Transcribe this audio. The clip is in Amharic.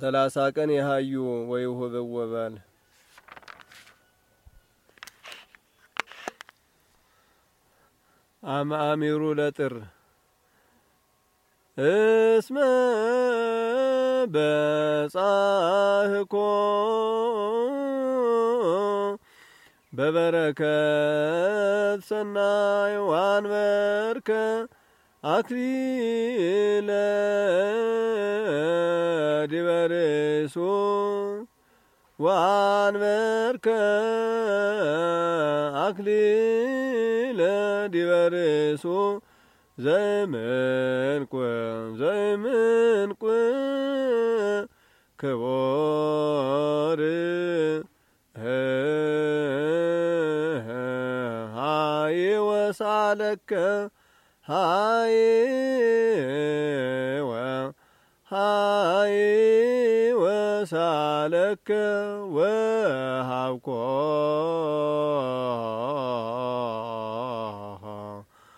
ሰላሳ ቀን የሃዩ ወይሁብወበል አምአሚሩ ለጥር እስመ በጻህኮ በበረከት ሰናይ ዋንበርከ አክሊለ ወዲበ ርእሱ ወአንበርከ አክሊለ ዲበ ርእሱ ዘይምንቁ ዘይምንቁ ክቡር ሃይ ወሳለከ ሃይ ፀሐይ ወሳለከ ወሃብኮ